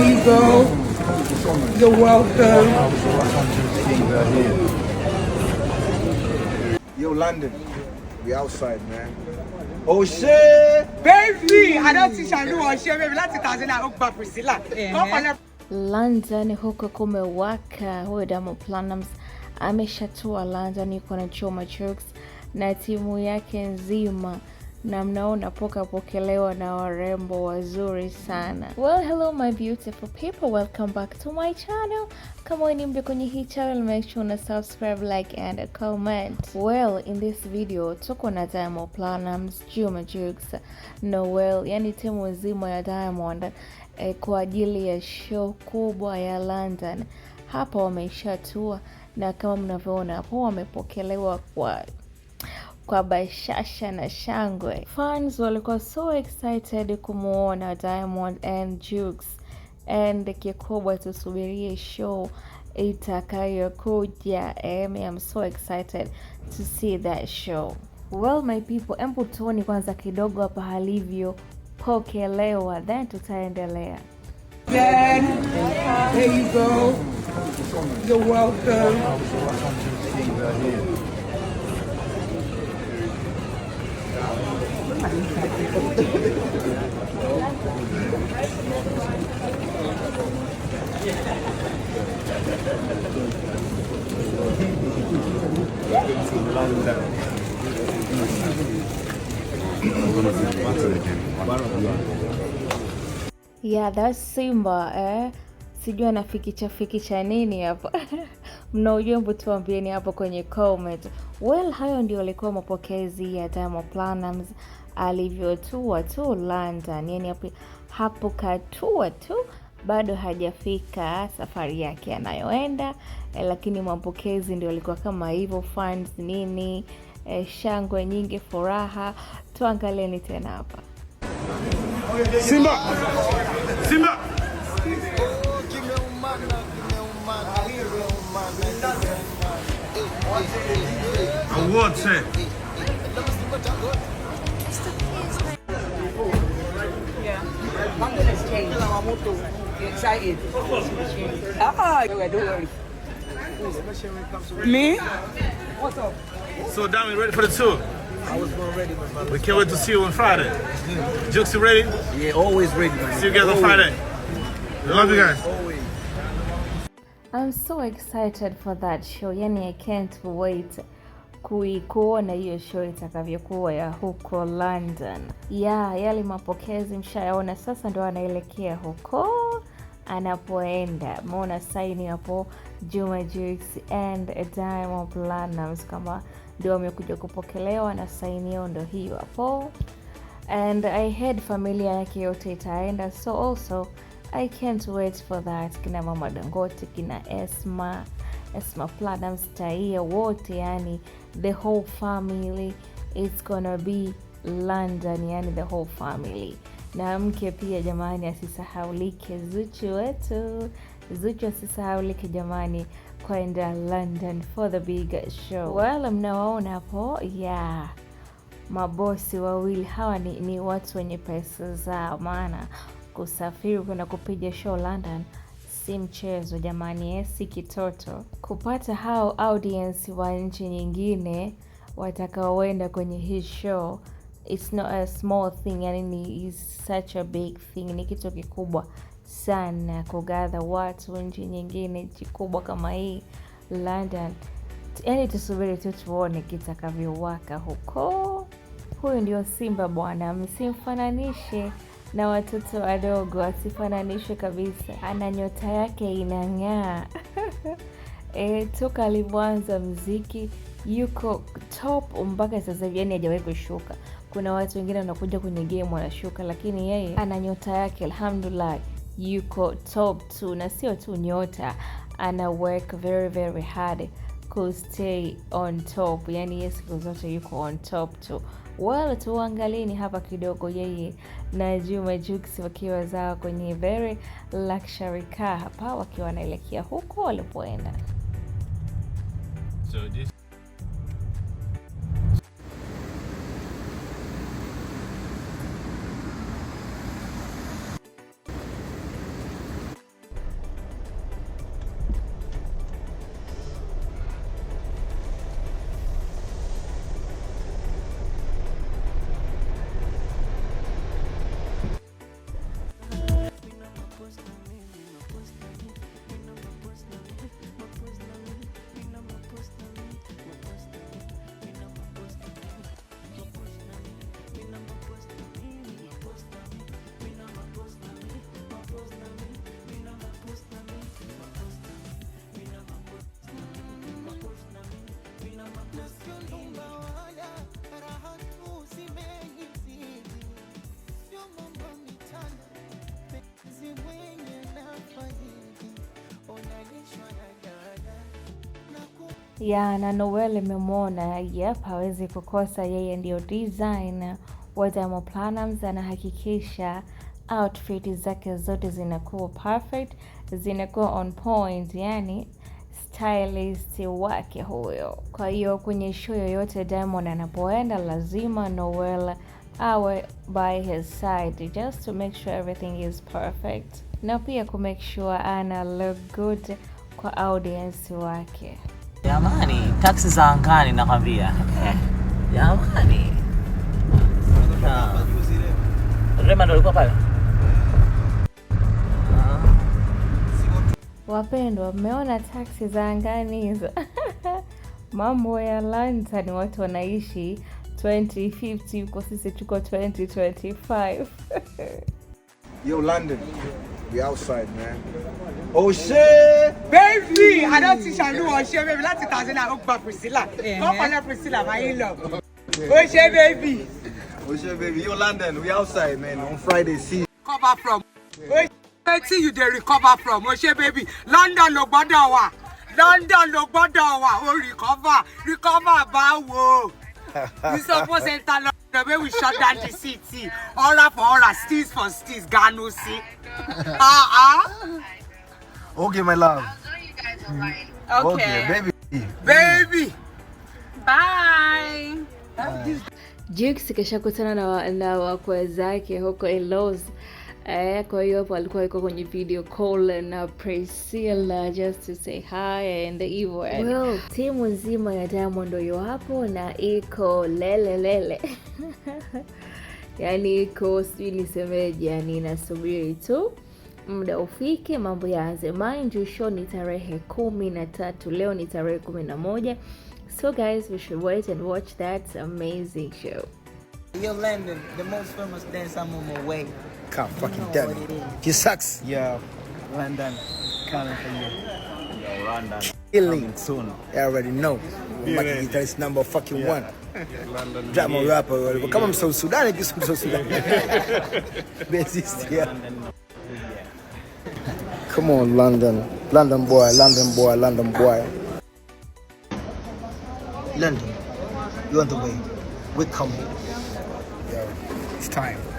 There you go. You're welcome. Yo, London. We outside, man. Oshé, oh, Baby! I don't see I Oshe, baby. let's as in I back Priscilla. Come on. Eh. London huko kumewaka. Huyo Diamond Platnumz ameshatua London, yuko na Choma Chooks na timu yake nzima. na mnaona poka pokelewa na warembo wazuri sana. Well, hello my beautiful people, welcome back to my channel. Kama wewe ni mpya kwenye hii channel, make sure una subscribe, like and comment. Well, in this video tuko na Diamond Platnumz, Juma Jux, Noel, yani timu nzima ya Diamond eh, kwa ajili ya show kubwa ya London. Hapa wameisha wameishatua na kama mnavyoona hapo wamepokelewa kwa kwa bashasha na shangwe. Fans walikuwa so excited kumwona Diamond and Jux, and kikubwa tusubirie show itakayokuja. Um, I'm so excited to see that show. Well my people, embu tuone kwanza kidogo hapa halivyo pokelewa, then tutaendelea. Then, there you go. You're welcome. Yeah, that's Simba eh? Sijui anafikicha fikicha nini hapa mna ujumbe, tuambieni hapo kwenye comment. Well, hayo ndio alikuwa mapokezi ya Diamond Platnumz alivyotua tu London, yani hapo katua tu bado hajafika safari yake anayoenda eh, lakini mapokezi ndio alikuwa kama hivyo, fans nini, eh, shangwe nyingi, furaha. Tuangalieni tena hapa Simba, Simba. What's it? Yeah. I'm change. excited. Ah, don't worry. Me? What's up? So, Damien, ready for the tour? I was born ready, my brother. We can't wait to see you on Friday. Mm. Jukes, you ready? Yeah, always ready, man. See you guys always. on Friday. Always. Love you guys. Always. I'm so excited for that show. Yani, I can't wait. kuikuona hiyo show itakavyokuwa ya huko London. Ya yale mapokezi mshayaona, sasa ndo anaelekea huko anapoenda. Mona saini hapo Juma Jux and Diamond Platnumz kama ndio amekuja kupokelewa na saini yao ndo hiyo hapo, and I heard familia yake yote itaenda, so also I can't wait for that, kina mama Dangote, kina Esma Esma Platnumz, Taia wote, yani the whole family it's gonna be London, yani the whole family. Na mke pia jamani, asisahaulike Zuchu wetu, Zuchu asisahaulike jamani kwenda London for the big show. Well, mnawaona hapo yeah mabosi wawili hawa ni, ni watu wenye pesa zao, maana kusafiri kwenda kupiga show London si mchezo jamani, eh, si kitoto kupata hao audience wa nchi nyingine watakaoenda kwenye hii show. It's not a small thing, yani ni is such a big thing, ni kitu kikubwa sana kugadha watu nchi nyingine, nchi kubwa kama hii London. Yani tusubiri tu tuone kitakavyowaka huko. Huyu ndio Simba bwana, msimfananishe na watoto wadogo, asifananishwe kabisa, ana nyota yake inang'aa. E, toka alivyoanza mziki yuko top mpaka sasa hivi, yani hajawahi kushuka. Kuna watu wengine wanakuja kwenye game wanashuka, lakini yeye ana nyota yake, alhamdulillah yuko top tu, na sio tu nyota, ana work very very hard ku stay on top, yani yeye siku zote yuko on top tu. Well, tuangalieni hapa kidogo yeye na Juma Jux wakiwa zao kwenye very luxury car hapa wakiwa wanaelekea huko walipoenda. So this ya na Noel imemwona, yep, hawezi kukosa. Yeye ndio design wa Diamond Platnumz, anahakikisha outfit zake zote zinakuwa perfect, zinakuwa on point, yani stylist wake huyo. Kwa hiyo kwenye show yoyote Diamond anapoenda, lazima Noel awe by his side just to make sure everything is perfect, na pia ku make sure ana look good kwa audience wake. Jamani, taksi za angani nakwambia. Eh, jamani. Rema ndo alikuwa pale. Ah. Wapendwa, mmeona taksi za angani hizo? Mambo ya London watu wanaishi 2050 huko, sisi tuko 2025. Yo London, we outside man. Òṣè. Baby, I don't teach and do Òṣè baby láti Tazila ó gba Priscilla. Wọ́n kọ́lẹ̀ Priscilla máa yín lọ. Òṣè baby. Òṣè baby, you London, we outside man on Friday see. Cover from. Òṣè wetin you dey recover from? Òṣè baby, London ló gbọ́dọ̀ wà. London ló gbọ́dọ̀ wà. O recover, recover báwo? You suppose enter London. The we shut down the city, aura for aura, steals for steals, Ganu see. Uh-uh. Ah, ah. Okay, my love. I'll you guys online. Mm. Okay. okay baby. Baby. Bye. Bye. Jux kashakutana na, na wakwe zake huko Elos. Eh, kwa hiyo hapo alikuwa yuko kwenye video call na Priscilla just to say hi and hivyo. Well, timu nzima ya Diamond ndio hapo na iko lele lele. Yaani iko sijui nisemeje, yani inasubiri tu muda ufike, mambo yaanze. Mind you show ni tarehe kumi na tatu, leo ni tarehe kumi na moja. So guys, we should wait and watch that amazing show. Yo, Landon, the most famous dancer I'm on my way. Come fucking you tell me. He sucks. Yeah, Landon, coming for you. Yo, Landon. Killing. Soon. I already know. Maki guitarist number fucking yeah. one. Drama rapper. come on, so Sudan, msau Sudani, kisi msau Sudani. Bassist, yeah. Come on, London. London boy, London boy, London boy. London, you on the way. We're coming. Yo, it's time.